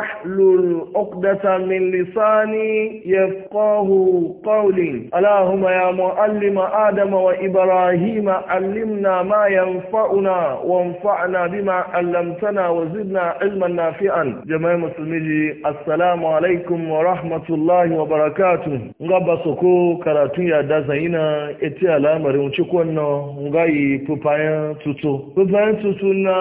واحلل عقدة من لساني يفقه قولي اللهم يا معلم آدم وإبراهيم علمنا ما ينفعنا وانفعنا بما علمتنا وزدنا علما نافعا جماعة مسلمي السلام عليكم ورحمة الله وبركاته ngaba soko karatun ya da zaina eti alamarin cikon nan ngai pupayan tutu pupayan tutu na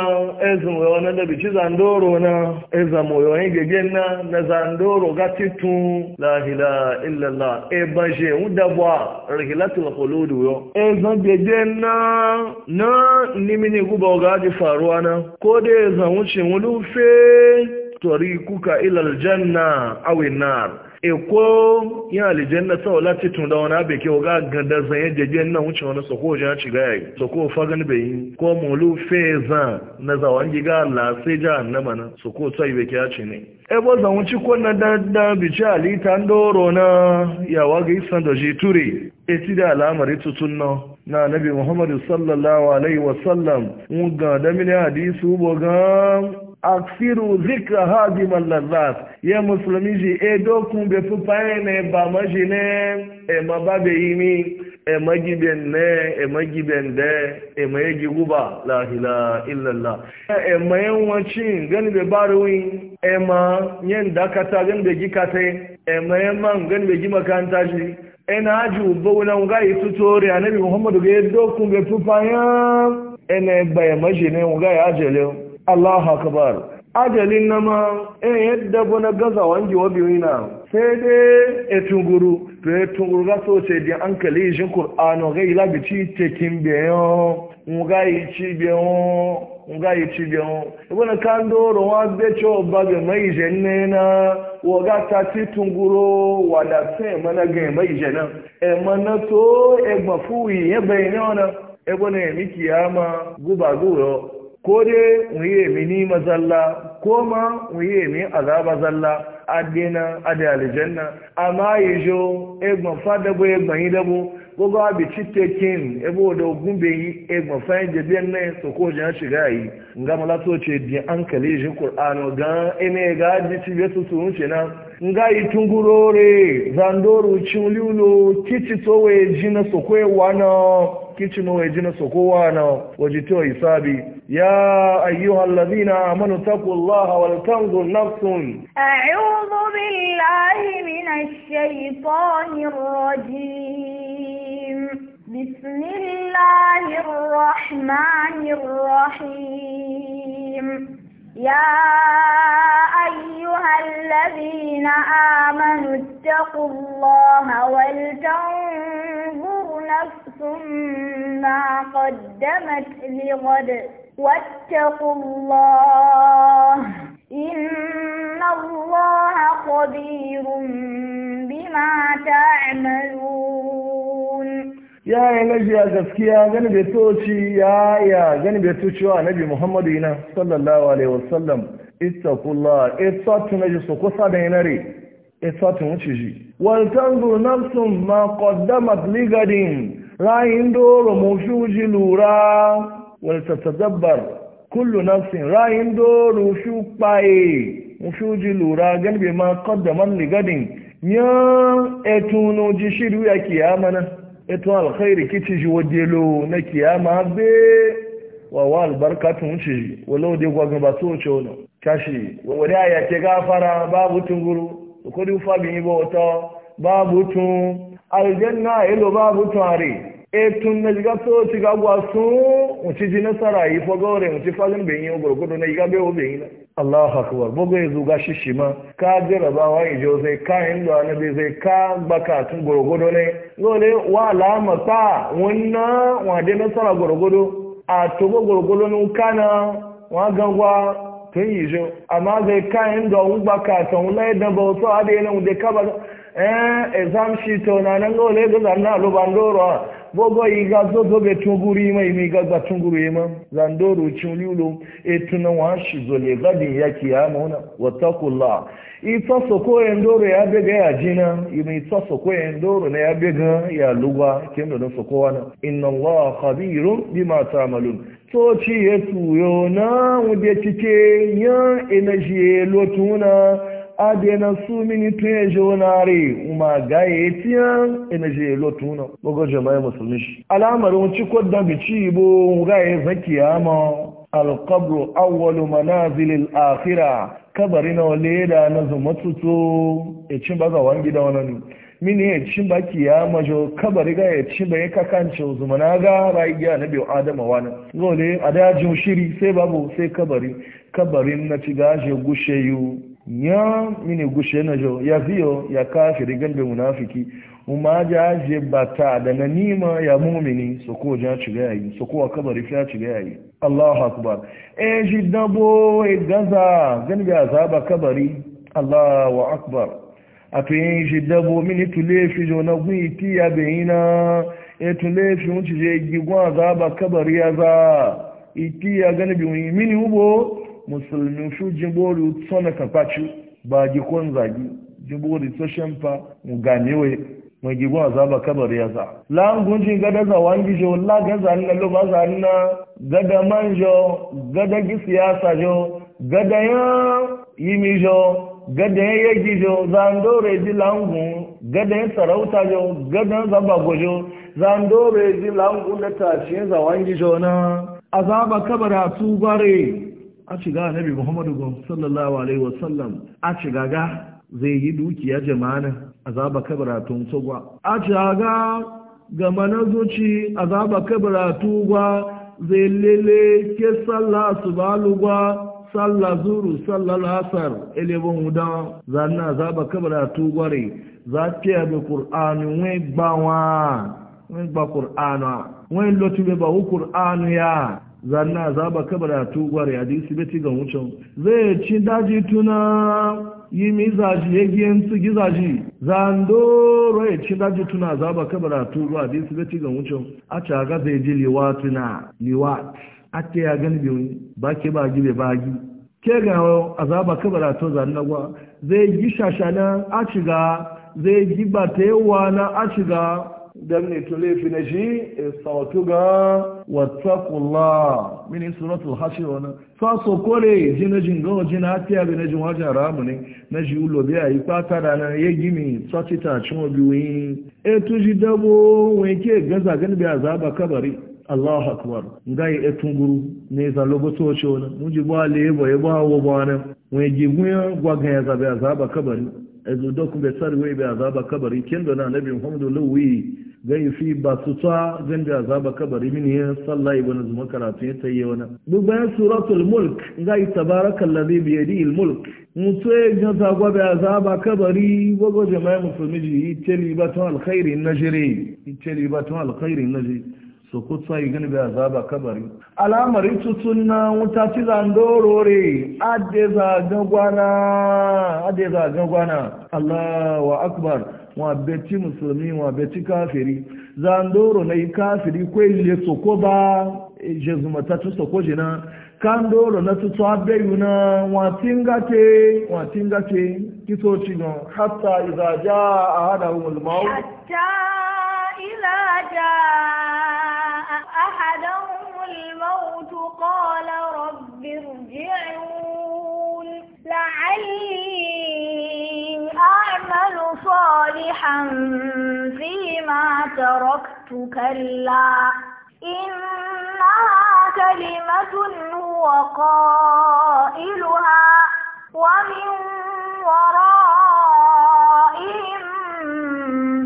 ezin wa wannan da bici zandoro na ezamo yoyin yi na na zandoro ga titun lahila illallah e ba je un dabwa rahilatul khulud yo e na na nimini guba ga ji faruwa na ko dai zan wuce wulufe tori kuka ilal janna awin nar eko yin alijanna sau lati tun da wani abin ke ga ganda zanye jejen nan wuce wani soko jan ci gaya yi sako fagan bai yi ko mulu feza na zawon giga lase ja na mana soko tsayi bai kya ce ne ebo zan wuce kwanan da da bici alita ndoro na yawa ga isan da jituri eti da alamari tutun na na nabi muhammadu sallallahu alaihi wasallam ga da mini hadisu boga aksiru zikra hadi mallazat ya musulmi ji e dokun be fufa e ne ba maji ne e ma ba be mi e ma giben ne e ma giben de e ma yegi guba la ilaha illallah e ma yi wanci gani be ruwi e ma yen dakata gani be gikate e ma yi man gani be makanta shi ena aju bawuna nga yi tutori anabi muhammadu ga yadda kun ga tufaya ena baya maji ne nga ya ajale allah akbar ajalin nama en yadda bana gaza wangi wabi wina sai dai etunguru to etunguru ga so ce di an kali jin qur'ano ga ila bi ci tekin biyo nga yi ci biyo nga yi ci biyan ibana e kan doro wa be cho ba ga mai jenne na wo ga ta ti tunguro wa da se e na ga mai jenna e na. to e gba fu yi e be ne ona e bona e mi kiyama guba guro ko de uye mi ni mazalla ko ma uye mi azaba zalla adina ade aljanna amma yijo e gba fa da bo e gba yi da bo gbogbo abi cite kin ebe oda ogun bai yi egba fayin jabiyan ne so ko jan shiga yi nga mala so ce di an kale shi qur'ano ga ene ga ji ci be su sun na nga yi tungurore zandoru chimuliulo kici so we jina so ko e wana kici ma waje na sokowa na waje to hisabi ya ayyuhal ladina amanu taqullaha wal tanzur nafsun a'udhu billahi minash shaitanir rajim بسم الله الرحمن الرحيم يا أيها الذين آمنوا اتقوا الله ولتنظر نفس ما قدمت لغد واتقوا الله إن الله خبير بما تعملون ya yi najiya gaskiya gani bai toci ya ya gani bai wa nabi muhammadu yana sallallahu alaihi wasallam ita tuna ji su kusa da yanare tuna ci ji wal tanzur nafsun ma qaddamat li rayin doro mu ji lura wal tatadabbar kullu nafsin rayin doro shu paye mu ji lura gani bai ma qaddamat li yan ya etunu ji shiru ya kiyamana eto alkhairi kici shi wadelo na kiyama be wa wa albarkatun shi walau dai gwa ba so ce wono kashi wani aya ke gafara babu tunguru ko du fa bin ibo to babu tun aljanna ilo babu tare etun na jiga so ci ga gwa sun mu ci ji nasara yi fo gore mu ci fagin bin yi gurgudu na yiga be o bin yi Allah akwai bugu ya zuga shishi ma ka jirabawa ijo zai ka hindu anabi zai ka bakatun gwargwado ne dole wa alama ta wannan nasara gwargwado a tuba gwargwado nun kana wa gangwa tun yi jo amma zai ka hindu an bakatun lai da bautu a da yanayin da ka ba eh exam na nan dole ga zanna bogo iga zozo be tunguru ima imi iga gba tunguru ima zandoro chunliulu etuna shi zole gadin ya kiyama una watakullah ita soko endoro ya bega ya jina imi ita soko endoro na ya bega ya lugwa kendo na soko wana inna Allah khabirun bima ta'malun to ci yetu yo na wuje cike ya energy lotuna adena su mini tuye jonare uma gaye tiya ina je na. bogo jama'a musulmi shi al'amarin ci ko da bici bo gaye zakiya ma alqabru awwalu manazil Akhira. kabari na leda na zumatuto e cin ba ga wangi da wani. mini ya cin ba kiyama jo kabari ga ya cin ba ya kakance zumana ga rayuwa na biyu adama wani gole a dajin shiri sai babu sai kabari kabarin na ci gashe gushe yiwu ya mini gushe na jo ya ziyo ya kafiri gambe munafiki umma ja je bata da na nima ya mumini so ko ja ci ga yi so ko kabari fiya ci ga yi Allahu akbar e ji dabo e gaza ga azaba kabari Allahu akbar atoyin e ji dabo mini tule fi jo na gwi ti ya beina e tule fi mun ci je gwa azaba kabari ya za iti ya bi mini ubo musulmi su jimbori tsona kakwaci ba gikon zagi jimbori ta shamfa mu ganewe mai gigon ba kabar ya za langun jin gada za wangi jo la gaza na lo ba za na gada manjo gada gi siyasa jo gada ya yimi jo gada ya yegi jo zandore ji langun gada ya sarauta jo gada zaba gojo ndore ji langun da tashin za wangi jo na azaba kabari a tubare a shiga nabi muhammadu gon sallallahu alaihi wasallam a shiga ga zai yi dukiya jama'ana azaba tun tsogwa a shiga ga mana zuci azaba kabara gwa zai lele ke sallah su balugwa sallah zuru sallah lasar elebon huda zanna azaba kabaratu gware za ke yabe kur'ani wai gbawa wai gba kur'ana wai lotu bai ba wu ya zanna zaba a tugwar ya dinsu beti ga wucin zai ci daji tuna yi mi zaji ya giyan su gizaji zando ci daji tuna a kabara tugwar dinsu beti ga wucin a caga zai ji liwa tuna liwa a ke ya gani biyu ba ke ba gibe ba gi ke ga azaba kabara to zanna gwa zai gi shashana a shiga zai gi ba ta yawa na a shiga damne tole fi na shi e ga wattakullah mini suratul hashir na sa so kore jina jinga wa jina tiya bi na jin wajen ramu ne na ji ulo biya yi kwata da na ya gimi tsotita cin obiwoyi. wuyi e tuji dabo wani ke gaza gani zaa zaba kabari Allah akbar ngai etunguru ne za logoto chona muji bwa lebo ebo hawo bwana mwe gigwe gwa gaya za ba kabari ezu dokun be tsari wai be azaba kabari kin da annabi muhammadu lawi gai fi ba su tsa zan be azaba kabari min ya salla ibn zuma karatu ya tayi wana duk bayan suratul mulk gai tabarakal ladhi bi yadihi al mulk mutu ya ga gwa be azaba kabari gogo jama'a musulmi ji teli batun alkhairi najri teli batun alkhairi najri Sokoto ko tsayi gani azaba kabari al'amari tutun na wuta ci zandorore ade zagagwana ade zagagwana allahu akbar wa beti muslimi, wa beti kafiri zandoro na kafiri kwele soko ba e jezumata tu soko jina kandoro na tutu abeyuna wa tingate wa tingate kito cigon hatta izaja ahadahumul maut hatta رب ارجعون لعلي أعمل صالحا فيما تركت كلا إنها كلمة هو قائلها ومن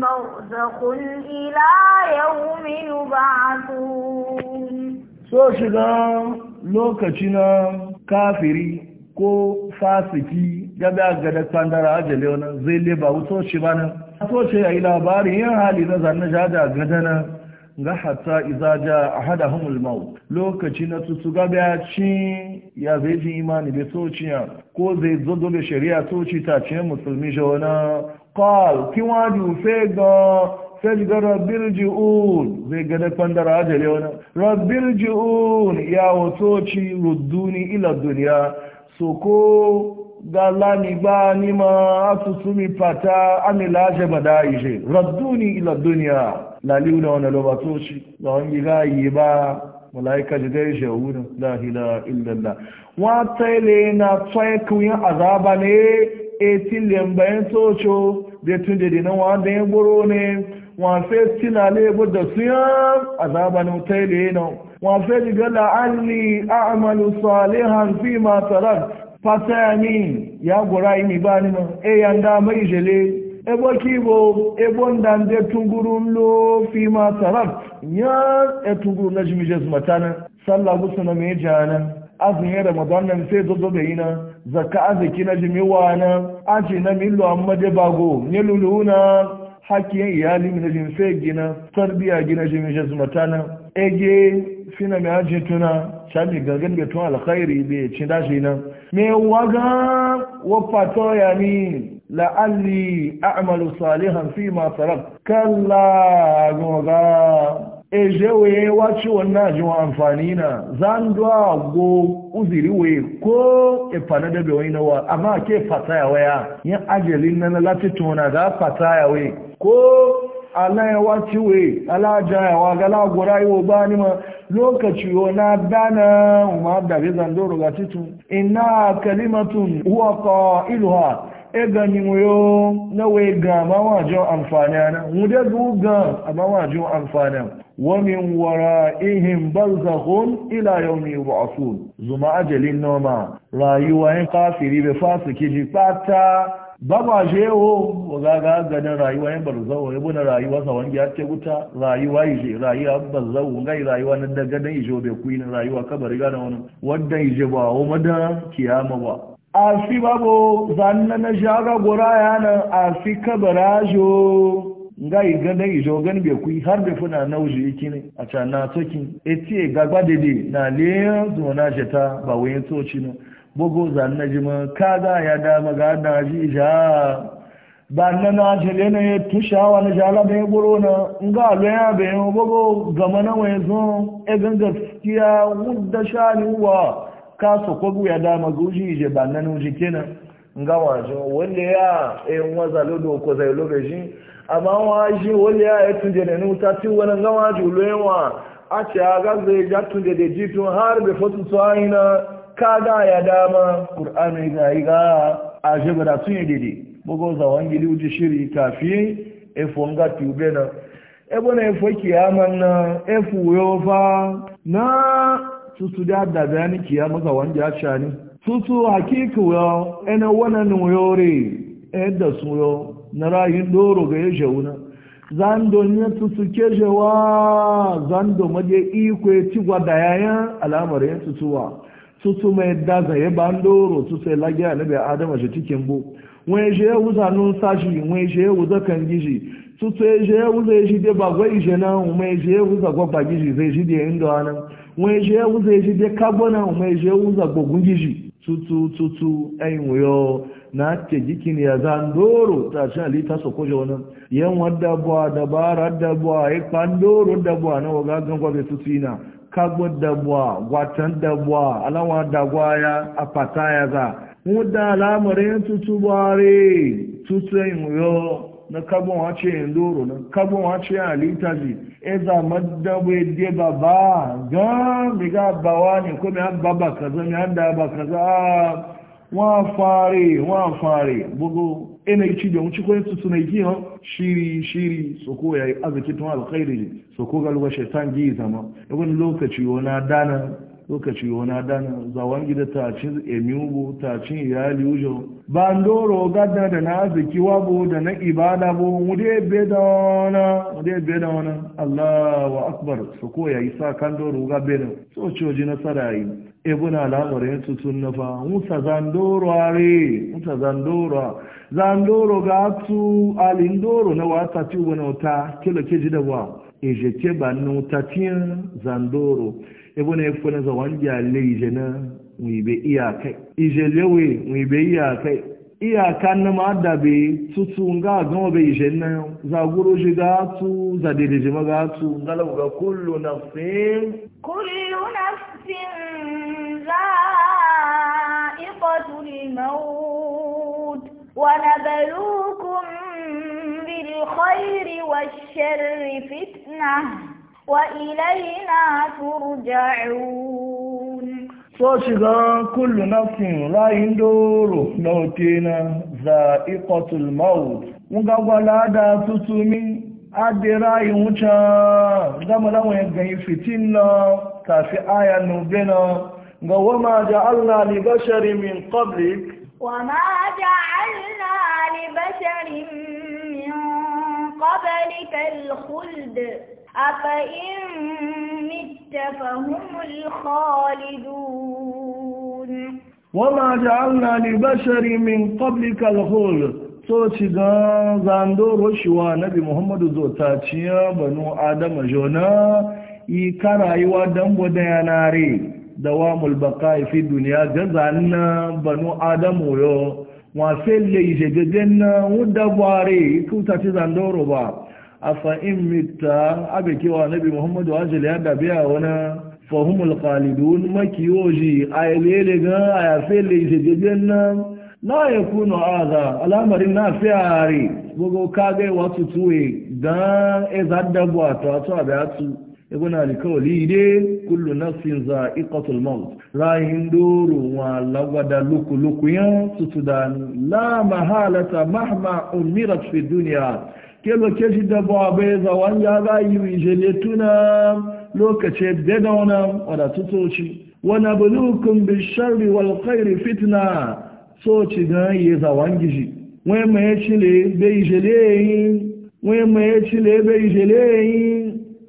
ورائهم برزخ إلى يوم يبعثون so shiga lokaci na kafiri ko fasiki gaba a gada kwandara ajiyar wani zai leba wuto shi ba nan so ce ya yi labarin yin hali na zanen jada gadana ga hata izaja a hada hamul lokaci na tutu gaba ya ci ya zai ji imani bai sociya ko zai zo bai shari'a soci ta ce musulmi shi wani kawal kiwa ga sai ga rabbir ji'un zai ga da kwandara ajale wani rabbir ji'un ya wasoci rudduni ila duniya so ko ga lami ba ni ma asusumi fata amila aje bada ije radduni ila duniya laliu na wani lobatoci ga wani gayi ba malaika ji dai shahuna la ilaha illallah wa tsayle na tsaykun yin azaba ne etin lembayin socho da tun da dinan wa da buru ne wafe tilale bu da siyan azaba na da na wafe diga la'alli a'malu salihan fi ma tarak fatani ya gura imi ba ni ma e yanda mai jele ebo kibo ebo ndande tunguru lo fi ma tarak ya e tunguru na jimi jesu matana sallah na mai jana azumin ramadan nan sai zo zobe ina zaka aziki na jimiwa na aji na milo amma de bago ne luluna hakiyan iyali mina jin fe gina tarbiya gina jin je zumatana ege fina mai hajji tuna chami gangan be tun alkhairi be cin dashi nan me waga wa fato ya ni la'alli a'malu salihan fi ma tarab kalla goga eje waye wachi wannan ajin amfani na zan duwa go uziri waye ko ifana da bewai na wa amma ke fata ya waya yin ajalin na lati tona ga fata ya ko alayewa ciwe alajayawa galagura iwo ba ni ma lokaci na dana ma da zandoro ga titu ina kalimatun huwa qailuha e gani yo na we ga ma jo amfani na mu da du ga ma wajo amfani wa min wara'ihim barzakhun ila yawmi yub'athun zuma ajalin noma rayuwa in kafiri be fasiki ji pata baba jeho ga ganin rayuwa yan barzawo ya buna rayuwa sa wangi ya ce wuta rayuwa ije rayuwa barzawo ngai rayuwa na daga dan ijo bai kuyi na rayuwa kabari ga wani wanda ije ba o madan kiyama ba a fi babo zanna na jaga gora na a fi kabarajo ngai ga dan ijo gan bai kuyi har da funa uji yake ne a ta na tokin eti gagba dede na le na jeta ba wayin toci ne bugu zanna jima ka za ya dama ga da ji ja ba na na jele ne tushawa na jala be buru na nga lo ya be bugu gama na we zo e ganga gaskiya wudda shani wa ka so ko ya dama guji je ba na nuji kenan nga wajo wanda ya e waza lodo ko zai lodo ji amma waji wanda ya e tunje ne nuta ti wannan ga wajo lo yawa a ce a ga zai ga tunje da jitun har be fotu tsaina kaga ya dama ƙur'ani ga yi ga a jibira tun yi dide bugu za wangi wuce shiri kafi efu ga tube na ebe na efu kiyaman na efu yofa na tutu da da bayani kiyama za wangi sha shani tutu hakika yo ena wannan ni yore edda su yo na rayin doro ga ya shauna zando ne tutu kejewa zando maje ikwe tigwa da yayan al'amarin tutuwa tutu mai daza ya ba ndoro tutu lagya na bai adama shi cikin bu wani shi ya wuza nun sashi wani shi ya wuza kan gishi tutu ya shi ya wuza shi dai ba gwai shi na wani shi ya wuza gwagba gishi zai shi dai indo anan wani shi ya wuza shi dai kabo na wani shi ya wuza gbogun gishi tutu tutu ayin wuyo na ke gikin ya za ndoro ta ali ta so kuje wani yan wadda buwa dabara dabara ya kwan doro dabuwa na wagagan kwabe tutu ina kagbo dabuwa gwatan dabuwa alawa dagwa ya apata ya za muda alamarin tutu bare tutu yo na kagbo wace indoro na kagbo wace alitaji eza madabwe de baba ga mi ga bawa ne ko mi an baba kaza mi an da ba kaza ah, wa fare wa fare bugu ina ci da wuce kwaye su suna yi shiri shiri su ko ya yi arziki tun alkhairi su ko galuwa shaitan gi zama ibn lokaci wani dana lokaci wana dana zawon gida ta cin emiugo ta cin iyali ujo ba doro gada da na arziki wabo da na ibada bo wude be da wana mude be da wana Allahu akbar su ko ya yi sa kan doro ga be so coji nasara yi ebuna lamarin tutun nafa musa zandoro are musa zandoro zandoro ga tu alindoro na wata ti wani ta kilo keji da wa eje ke ba nu tatin zandoro ebuna efo na zawan ya le ije na wibe iyaka ije lewe wibe iyaka iyaka na ma da be tutu ga gan be ije na za guru ji ga tu za dede ji ma ga tu ngala ga kullu nafsin kullu nafsin ذائقة الموت ونبلوكم بالخير والشر فتنة وإلينا ترجعون so shiga kullu nafsin rayin doro lautina za'iqatul maut mun ga gwalada tutumi adira yin wuce gama lawan ganyi fitin na kafi aya nubena وما جعلنا لبشر من قبلك وما جعلنا لبشر من قبلك الخلد أفإن مت فهم الخالدون وما جعلنا لبشر من قبلك الخلد soci ga zandoro shiwa nabi muhammadu zota ciya banu adama jona yi karayuwa don gudanare dawamul baqa'i fi dunya gazanna banu adamu yo wa felle ije gazenna wudabare kuta ci zandoro ba afa in mitta ki wa nabi wa ajli hada biya wana fahumul qalidun makiyoji aylele ga aya felle gegen na la yakunu aza al'amarin na fiari gogo kage da tuwe dan ezadabwa to ato abatu ibn alkawali dai kullu nafsin za'iqatul maut rayin duru wa lawada luku luku ya sudan la mahalata mahma umirat fi dunya kelo keshi da babe za wanda rayu jele tuna lokace da dauna wada tutoci wa nabluukum bisharri wal khairi fitna so ci ga yi za wangiji wai mai chile bai wai mai chile bai jele yi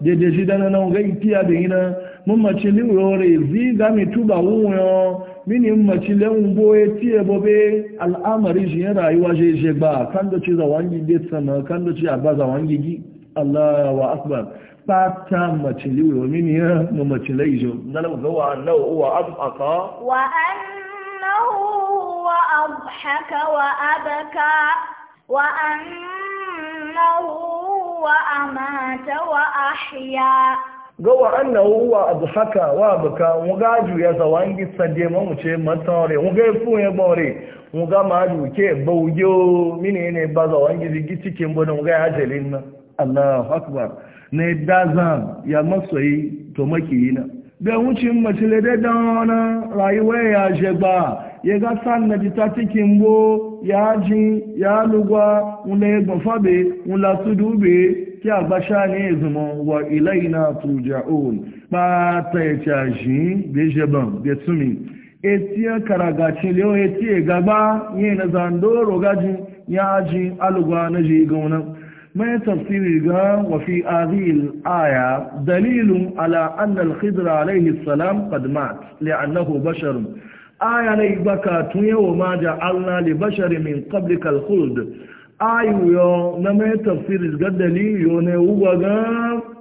dede shi dana na ga itiya da ina mun mace ni yore zi ga mi tuba wuyo mini mace le un boye tiye bobe al'amari shi yin rayuwa je je ba kan da ci zawangi det sana kan da ci abba zawangi gi Allah wa akbar fata mace li yore mini ya mu mace le jo ngala ga wa annahu wa abqa wa annahu wa abhaka wa abka wa annahu wa وأحيا gowa annahu wa adhaka wa abka muga juya zawangi sade mu ce matare muga fu ya bore muga maju ke bawjo mine ne ba zawangi zigi cikin bono muga ajalin na Allahu akbar ne dazan ya masoyi to makiyina da wucin mace da dana rayuwa ya shegba ya ga san na ji ta cikin bo ya ji ya lugwa wula ya gbafa be wula su dube ki a basha ne zuma wa ilaina ba ta ya caji da jaban da e karagacin leo e ya gaba yi na zandoro gajin ya ji alugwa na ji gaunan mai tafsiri ga wafi azil aya dalilun ala annal khidra alaihi salam qad mat li'annahu basharun aya na ibaka tunye wa ma ja Allah li bashari min qablika al-khuld ayu yo na mai tafsir ga dalili yo ne uwa ga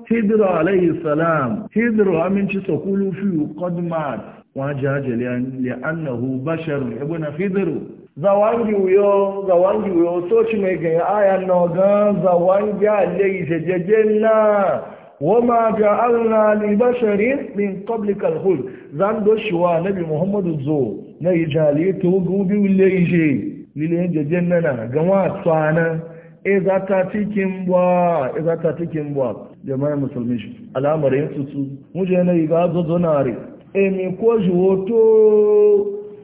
Hidr alayhi salam Hidr aminci sakulu fi qadmat wa jajalian li annahu bashar ibn Hidr zawangi yo zawangi yo so ci mai ga aya no ga zawangi alayhi jajjenna wama ja'alna li basharin min qablika al-khuld zan do shiwa nabi muhammadu zo na ijali to gubi wile ije lile je jannana gawa tsana e za ta cikin bwa e cikin bwa jama'a musulmi shi al'amarin su su muje na iga zo zonare e mi ko jiwoto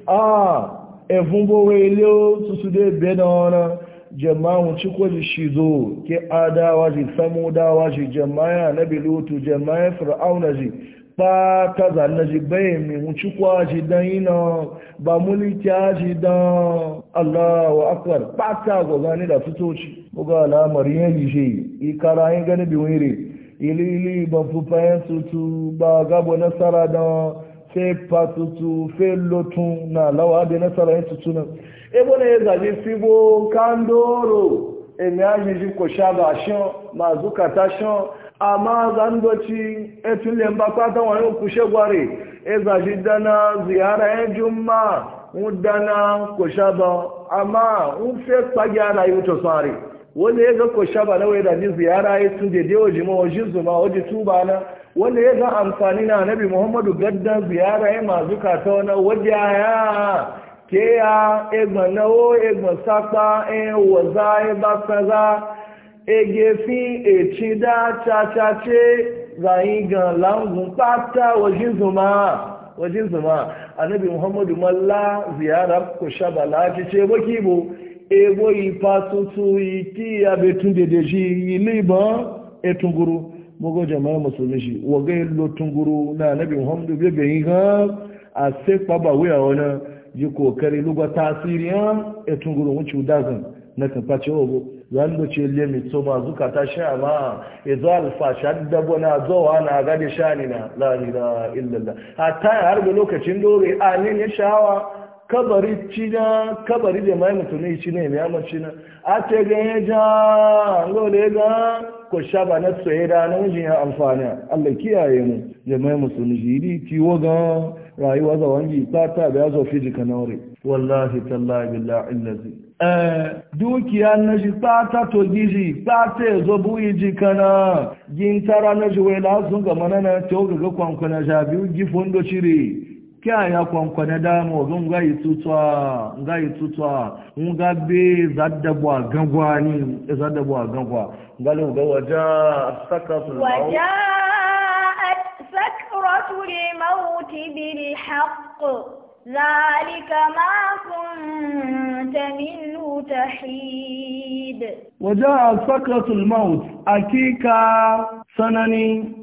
a e fun bo wele o su su de be jama'u cikwaji shi zo ke adawa ji samudawa ji jama'a na bilutu jama'a fir'auna ji ba ta zanna ji bayan mimu cikwa ji don yi na ba mulkiya ji don allah akwar ba ta gwazani da fitoci buga al'amari ya yi shi ikara yin gani biwire ilili ban fufayen tutu ba gabo nasara don fefa tutu fe lotun na lawa da nasara yin tutu nan ebo na e ya zabi fibo kandoro emi ajiji ko shaba shan ma zuka ta shan amma zandoci etun le mba pata wọn yóò kú ṣẹgbàre ezaji dana ziyara yẹn e juma ń dana kò ṣàbọ àmà ń fẹ́ pàgẹ́ ara yóò tọ̀sán rẹ̀ wanda ya ga shaba na waida ji ziyara ya tun da dewa jima wa ma waje tuba na wanda ya ga amfani na nabi muhammadu gaddan ziyara ya mazu kata wani waje ya ke ya e nawo egbon sapa e waza e ba ecida e cacace zayin gan langun pata waje jizu ma wa ma annabi muhammadu malla ziyara kwashaba la ce ce bakibo ebo ipa tutu iki e ya betun dede shi iliban etunguru mogo jama'a musulmi shi waga tunguru na nabi muhammadu bebe yi ha a se kpaba wuya wani ji kokari lugwa tasiri ya etunguru wuce dazan na kafaci ogo zando ce le mai ba zuka ta sha ma ya e zo alfasha dabo na zowa na shani na la ilaha illallah hatta har lokacin dore a ne shawa kabari cina kabari da mai mutum ci ne mai amince na a ce ga ya ja ngo da ga ko shaba na tsaye da nan jin ya amfani Allah kiyaye mu da mai mutum jiri kiwo ga. rayuwa za wangi sata da yazo fiji kanore wallahi tallahi billahi allazi eh dukiya na ta sata to giji ta zo buyi ji kana gin tara na shi wai la sun ga manana to ga kwankwana jabi gifon do shiri kya ya kwankwane dama ogun nga itutuwa nga itutuwa nga be zaddabuwa gangwa ni e zaddabuwa gangwa nga lo ga waja sakratul waja sakratul maut bil haqq zalika ma kunta minhu tahid waja sakratul maut akika sanani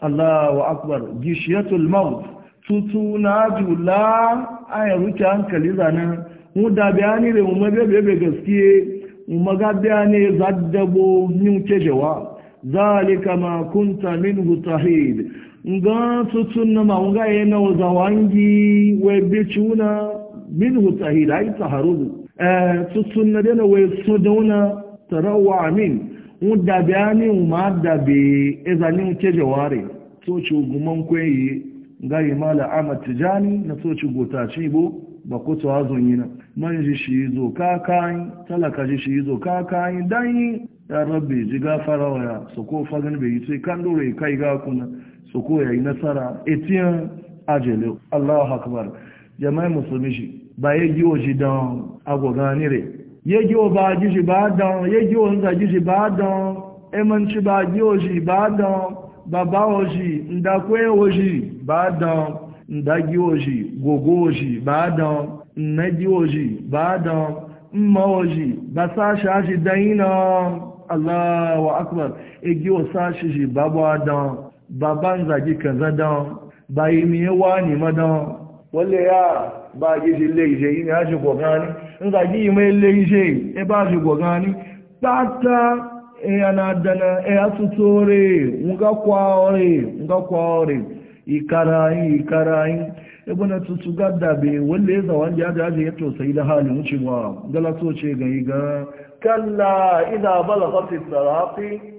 Allahu akbar gishiyatul maut tutu na jula ayan ruke hankali zana. mu da bayani da mu bebe gaskiye mu ga bayani zaddabo yin kejewa zalika ma kunta minhu tahid nga tutun na maunga yana zawangi we bichuna minhu tahid ay taharud eh, tutun na dena we suduna tarawa min da bayanin ma da be ezanin ke jaware soci guman kwaye gari mala ahmad tijani na soci gota ce bo ba ku so azon yana man shi zo kakayin talaka ji shi zo kakayin dan ya rabbi ji gafara waya su ko fagen bai yi sai kan kai ga kuna su ko yayi nasara etiyan ajele allahu akbar jama'i musulmi shi ba ya giwo shi don agwagani re yegi o ba jiji ba dan yegi o nza jiji ba dan emanci ba ji o ji ba dan baba o ji ndakwe o ji ba dan ndagi o ji gogo o ji ba dan nnaji o ji ba dan mma o ji ba sa sha ji dan ina Allahu akbar egi o sa shi ji baba dan baba nza ji kaza dan bayi mi e wa ni madan wale ya bá gíṣe ilé ìṣe yìí ni a ṣe pọ̀ gan ní nígbà kí ìmọ̀ ilé ìṣe ẹ bá ṣe pọ̀ ní pátá ẹ̀yàn àdánà ẹ̀yà tuntun rẹ̀ ǹgákwá rẹ̀ ǹgákwá rẹ̀ ìkara tuntun gádà bẹ̀ wọlé zàwọn jẹ́ da halin wucewa galato ce gan iza balagati sarafi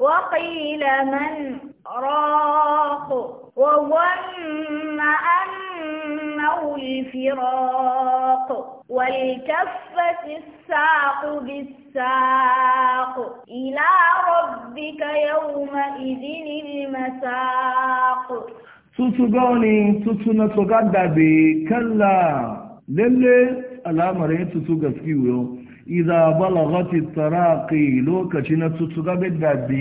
وقيل من راق وظن أنه الفراق والتفت الساق بالساق إلى ربك يومئذ المساق tutugoni tutuna tugada be kalla lalle al'amarin tutu gaski wuyo idza balagati taraqi lokaci na tutuga be da be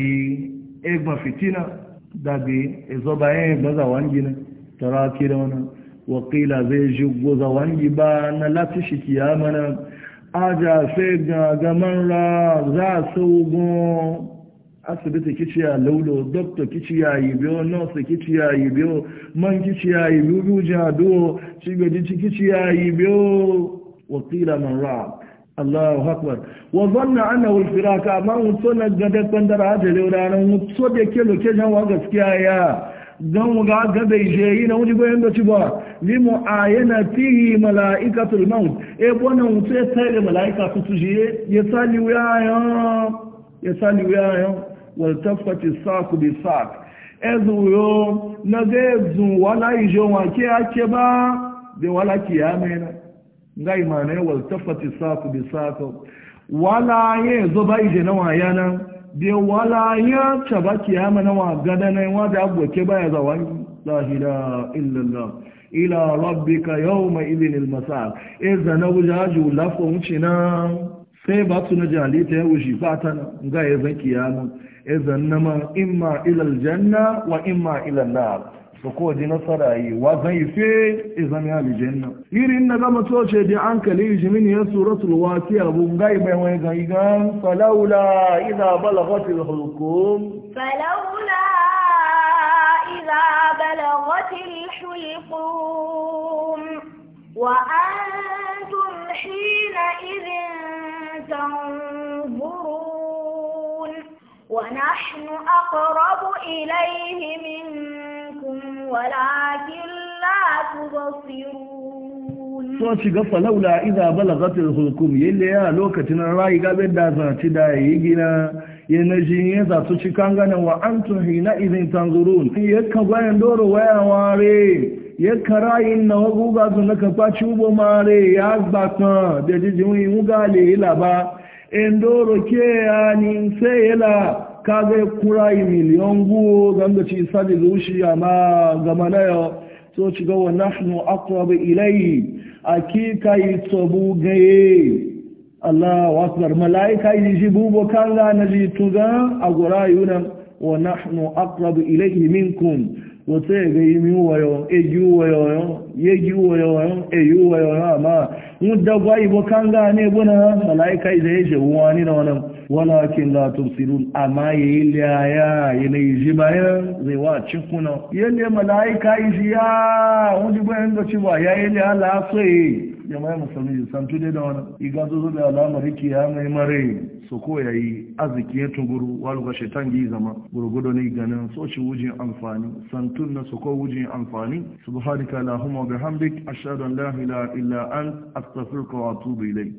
e ba fitina dabe izo bayan ba za wangi na tara ki da wani wakila zai ji goza wangi ba na lati shi ki na aja sai ga gaman ra za su go asibiti kici ya laulo doktor kici ya yi biyo nurse kici ya yi biyo man kici ya yi biyo shi do shigaji kici ya yi biyo wakila man ra Allahu akbar wa zanna annahu al-firaq amma mutuna gadan bandar hajjale ranan mutso da ke location wa gaskiya ya don ga gada je yi na wani bayan da ci ba limu a yana fihi mala'ikatul maut e bona mutu ya tsare mala'ika su tuje ya sali wuyayen ya sali wuyayen wal tafati saku bi sak ezu yo na ga ezu wala ijo wa ke ake ba da wala kiyamena ngai mana ya waltafati saku bi saku wala ye zo ba ije na waya nan bi wala ya taba kiyama na wagada na wa da aboke baya za wani la illa allah ila rabbika yawma idhin iza e na nawjaju lafo mchina sai ba tuna na jali ta wushi fata ngai zan kiyama idan e nama imma ila aljanna wa imma ila nar فكو دي نصر اي وازن يفي ازميها ان غام توشي دي عنك لي جمين يسو رسل واتي ابو مغاي بيوان فلولا اذا بلغت الحلقوم وأنتم حينئذ تنظرون ونحن أقرب إليه منكم أبصاركم so shiga falaula idza balagatil hulqum yalle ya lokacin rai gabe da zaci da yi gina na shi ya za su ci kangana wa an tun hi na izin tanzurun ka bayan doro waya ware ka rayin na wagu ga su na kafa cubo mare ya zbatan da jijin yi muga le ila ba endoro ke ya ni sai ila kaga ya kura yi miliyan guwo ganga ci sabi zushi amma gama na yau so ci ga wa nahnu aqrabu ilayhi akika yi tsobu gaye Allah wa akbar malaika yi ji bubo kanga na ji tuga a gura yuna wa nahnu aqrabu ilai minkum wata ya ga yi mi wayo e ji ya e yi wayo amma mun dagwa ibo kanga ne buna malaika yi da ya je wani na walakin la tursilun amma yayi laya yana ji bayan zai wa cikuna yalle malaika yi ya wani bayan da cewa ya yayi laya la sai jama'a musulmi santu dai da wani. iga zo da alamar ya mai mare su ko yi arziki ya tunguru wani ga shaitan gi zama gurgudu ne ganin soci wujin amfani santun na su ko wujin amfani subhanaka allahumma wa bihamdik ashhadu an la ilaha illa ant astaghfiruka wa atubu